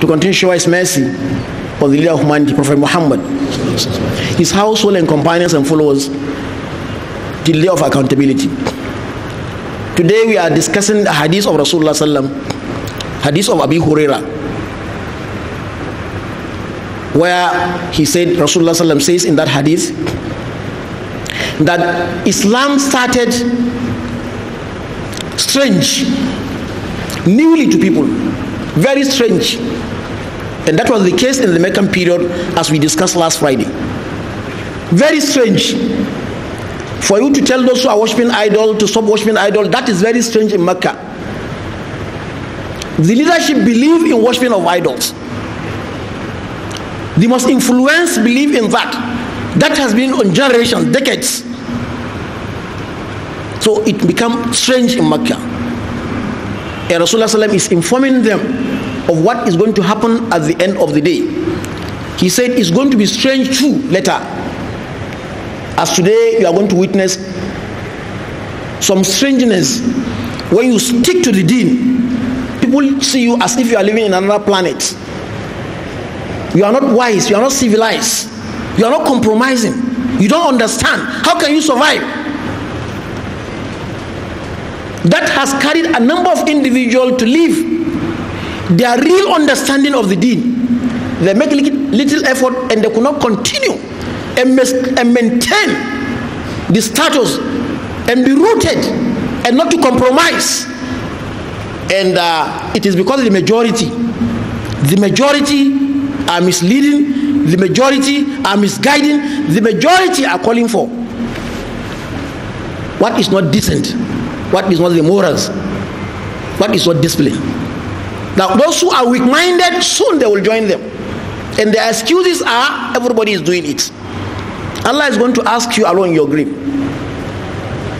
to continue to show his mercy on the leader of humanity, Prophet Muhammad, his household and companions and followers, the day of accountability. Today we are discussing the hadith of Rasulullah Sallam, hadith of Abi Huraira, where he said, Rasulullah Sallam says in that hadith, that Islam started strange, newly to people, very strange and that was the case in the Meccan period as we discussed last Friday. Very strange. For you to tell those who are worshipping idol to stop worshipping idol, that is very strange in Mecca. The leadership believe in worshipping of idols. The most influenced believe in that. That has been on generations, decades. So it become strange in Mecca. And Rasulullah is informing them of what is going to happen at the end of the day. He said it's going to be strange too later. As today you are going to witness some strangeness when you stick to the deen. People see you as if you are living in another planet. You are not wise, you are not civilized, you are not compromising, you don't understand. How can you survive? That has carried a number of individuals to live their real understanding of the deen, they make little effort and they could not continue and, and maintain the status and be rooted and not to compromise. And uh, it is because the majority, the majority are misleading, the majority are misguiding, the majority are calling for what is not decent, what is not the morals, what is not discipline. Now, those who are weak minded, soon they will join them. And their excuses are everybody is doing it. Allah is going to ask you along your grave.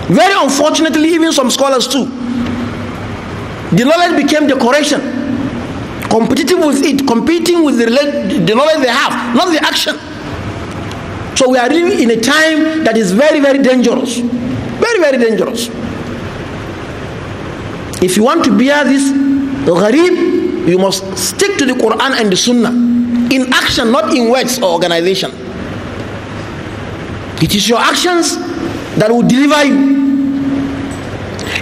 Very unfortunately, even some scholars too. The knowledge became the correction. Competitive with it, competing with the, the knowledge they have, not the action. So we are living in a time that is very, very dangerous. Very, very dangerous. If you want to bear this Gharib, you must stick to the Quran and the Sunnah in action, not in words or organization. It is your actions that will deliver you.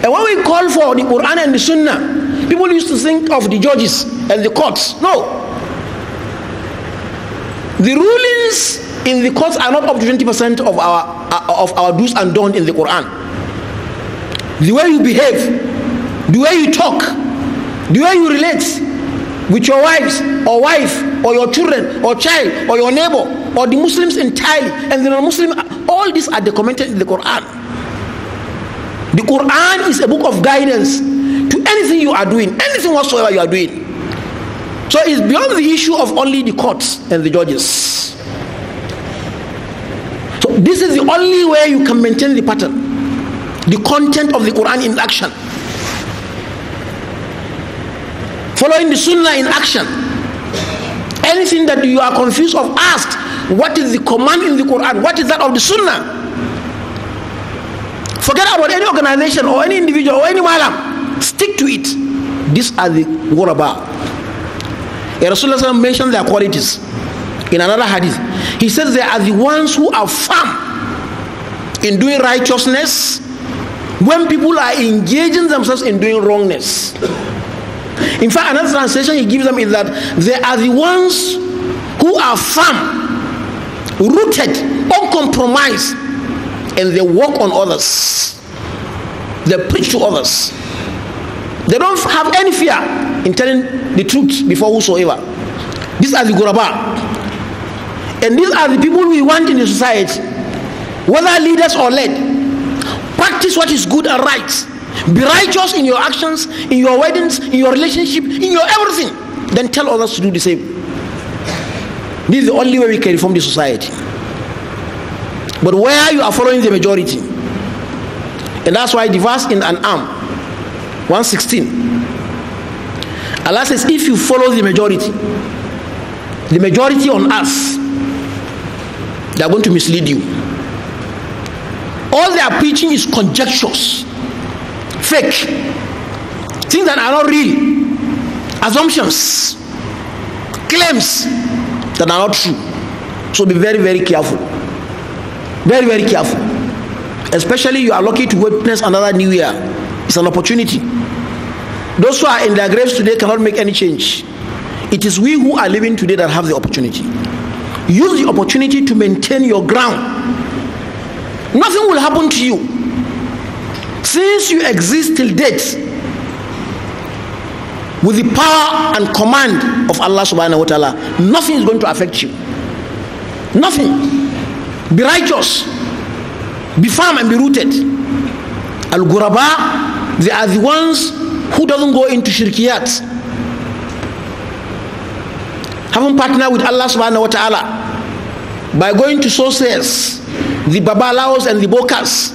And when we call for the Quran and the Sunnah, people used to think of the judges and the courts. No. The rulings in the courts are not up to 20% of our uh, of our do's and don'ts in the Quran. The way you behave, the way you talk, the way you relate with your wives or wife or your children or child or your neighbor or the muslims entirely and the non-muslim all these are documented in the quran the quran is a book of guidance to anything you are doing anything whatsoever you are doing so it's beyond the issue of only the courts and the judges so this is the only way you can maintain the pattern the content of the quran in action Following the sunnah in action. Anything that you are confused of, ask what is the command in the Quran? What is that of the sunnah? Forget about any organization or any individual or any malam. Stick to it. These are the wuraba. Rasulullah mentioned their qualities in another hadith. He says they are the ones who are firm in doing righteousness when people are engaging themselves in doing wrongness. In fact, another translation he gives them is that they are the ones who are firm, rooted, uncompromised, and they work on others. They preach to others. They don't have any fear in telling the truth before whosoever. These are the Goraba. And these are the people we want in the society, whether leaders or led. Practice what is good and right Be righteous in your actions, in your weddings, in your relationship, in your everything. Then tell others to do the same. This is the only way we can reform the society. But where you are following the majority, and that's why the verse in an arm, 116. Allah says, if you follow the majority, the majority on us, they are going to mislead you. All they are preaching is conjectures fake things that are not real assumptions claims that are not true so be very very careful very very careful especially you are lucky to witness another new year it's an opportunity those who are in their graves today cannot make any change it is we who are living today that have the opportunity use the opportunity to maintain your ground nothing will happen to you since you exist till date with the power and command of Allah subhanahu wa ta'ala, nothing is going to affect you. Nothing. Be righteous, be firm and be rooted. Al Guraba, they are the ones who doesn't go into shirkiyat. Having partnered with Allah subhanahu wa ta'ala by going to sources, the babalawos and the bokas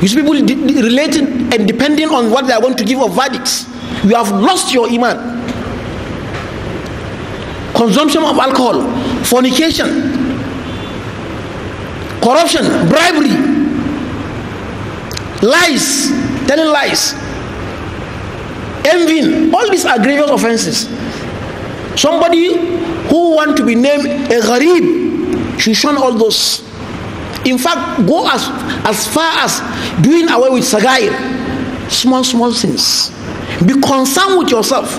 these people relating and depending on what they are going to give of verdicts. You have lost your iman. Consumption of alcohol, fornication, corruption, bribery, lies, telling lies, envying. All these are grievous offenses. Somebody who want to be named a gharib should shun all those In fact, go as, as far as doing away with sagair, small, small things. Be concerned with yourself.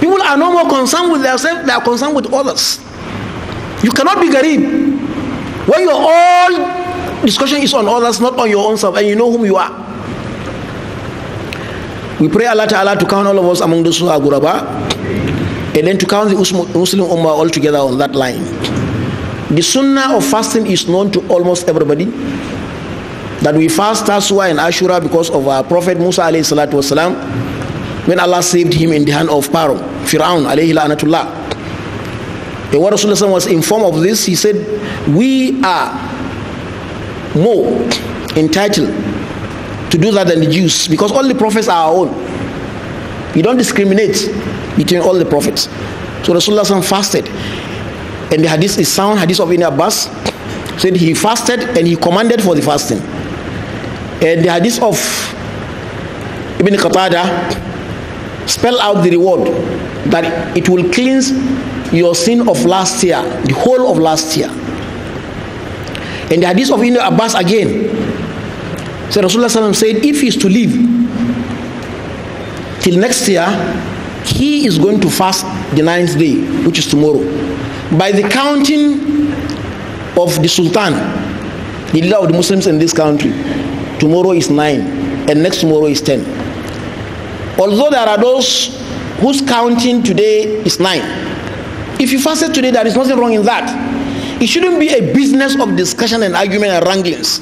People are no more concerned with themselves, they are concerned with others. You cannot be garib when your all discussion is on others, not on your own self, and you know whom you are. We pray Allah Ta'ala to count all of us among those who are guraba, and then to count the Muslim Ummah all together on that line. The sunnah of fasting is known to almost everybody. That we fast Taswa and Ashura because of our Prophet Musa alayhi salatu wasalam, when Allah saved him in the hand of Pharaoh, Fir'aun alayhi la'anatullah. And what Rasulullah was informed of this, he said, we are more entitled to do that than the Jews because all the prophets are our own. We don't discriminate between all the prophets. So Rasulullah fasted and the hadith is sound hadith of Ibn Abbas said he fasted and he commanded for the fasting and the hadith of Ibn Qatada spell out the reward that it will cleanse your sin of last year the whole of last year and the hadith of Ibn Abbas again said Rasulullah said if he is to live till next year he is going to fast the ninth day which is tomorrow by the counting of the sultan the leader of the muslims in this country tomorrow is nine and next tomorrow is ten although there are those whose counting today is nine if you fasted today there is nothing wrong in that it shouldn't be a business of discussion and argument and wranglings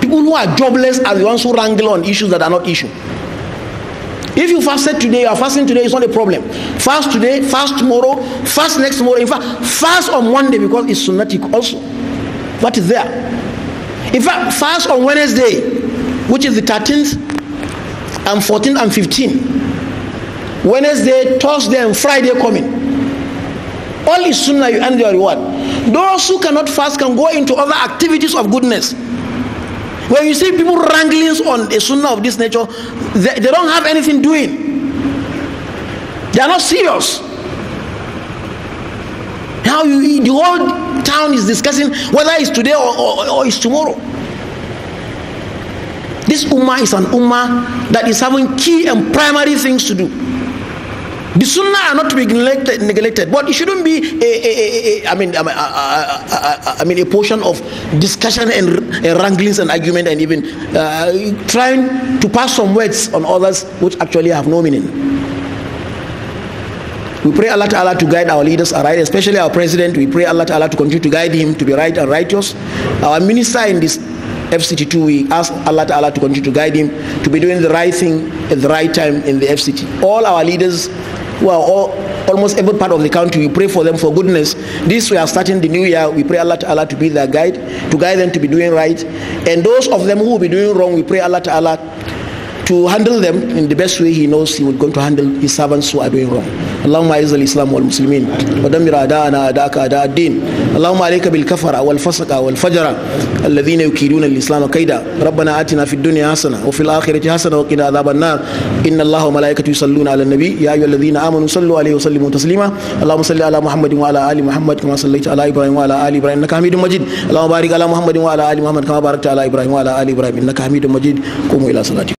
people who are jobless are the ones who wrangle on issues that are not issues If you fasted today, you are fasting today, it's not a problem. Fast today, fast tomorrow, fast next tomorrow. In fact, fast on Monday because it's sunnatic also. That is there. In fact, fast on Wednesday, which is the thirteenth and 14 and 15 Wednesday, Thursday, and Friday coming. Only sooner you earn your reward. Those who cannot fast can go into other activities of goodness. When you see people wrangling on a sunnah of this nature, they, they don't have anything doing. They are not serious. Now you, the whole town is discussing whether it's today or, or, or it's tomorrow. This ummah is an ummah that is having key and primary things to do. The sunnah are not to be neglected, neglected but it shouldn't be a, a, a, a I mean, I mean, a portion of discussion and wranglings and argument and even uh, trying to pass some words on others which actually have no meaning. We pray Allah Allah to guide our leaders aright, especially our president. We pray Allah Allah to continue to guide him to be right and righteous. Our minister in this FCT2, we ask Allah Allah to continue to guide him to be doing the right thing at the right time in the FCT. All our leaders who are all, almost every part of the country. We pray for them for goodness. This we are starting the new year. We pray Allah to Allah to be their guide, to guide them to be doing right. And those of them who will be doing wrong, we pray Allah to Allah to handle them in the best way he knows he would going to handle his servants who are doing wrong اللهم اعز الاسلام والمسلمين ودمر اعداءنا اعداءك اعداء الدين اللهم عليك بالكفر والفسق والفجر الذين يكيدون الاسلام كيدا ربنا اتنا في الدنيا حسنه وفي الاخره حسنه وقنا عذاب النار ان الله وملائكته يصلون على النبي يا ايها الذين امنوا صلوا عليه وسلموا تسليما اللهم صل على محمد وعلى ال محمد كما صليت على ابراهيم وعلى ال ابراهيم انك حميد مجيد اللهم بارك على محمد وعلى ال محمد كما باركت على ابراهيم وعلى ال ابراهيم انك حميد مجيد قوموا الى صلاتكم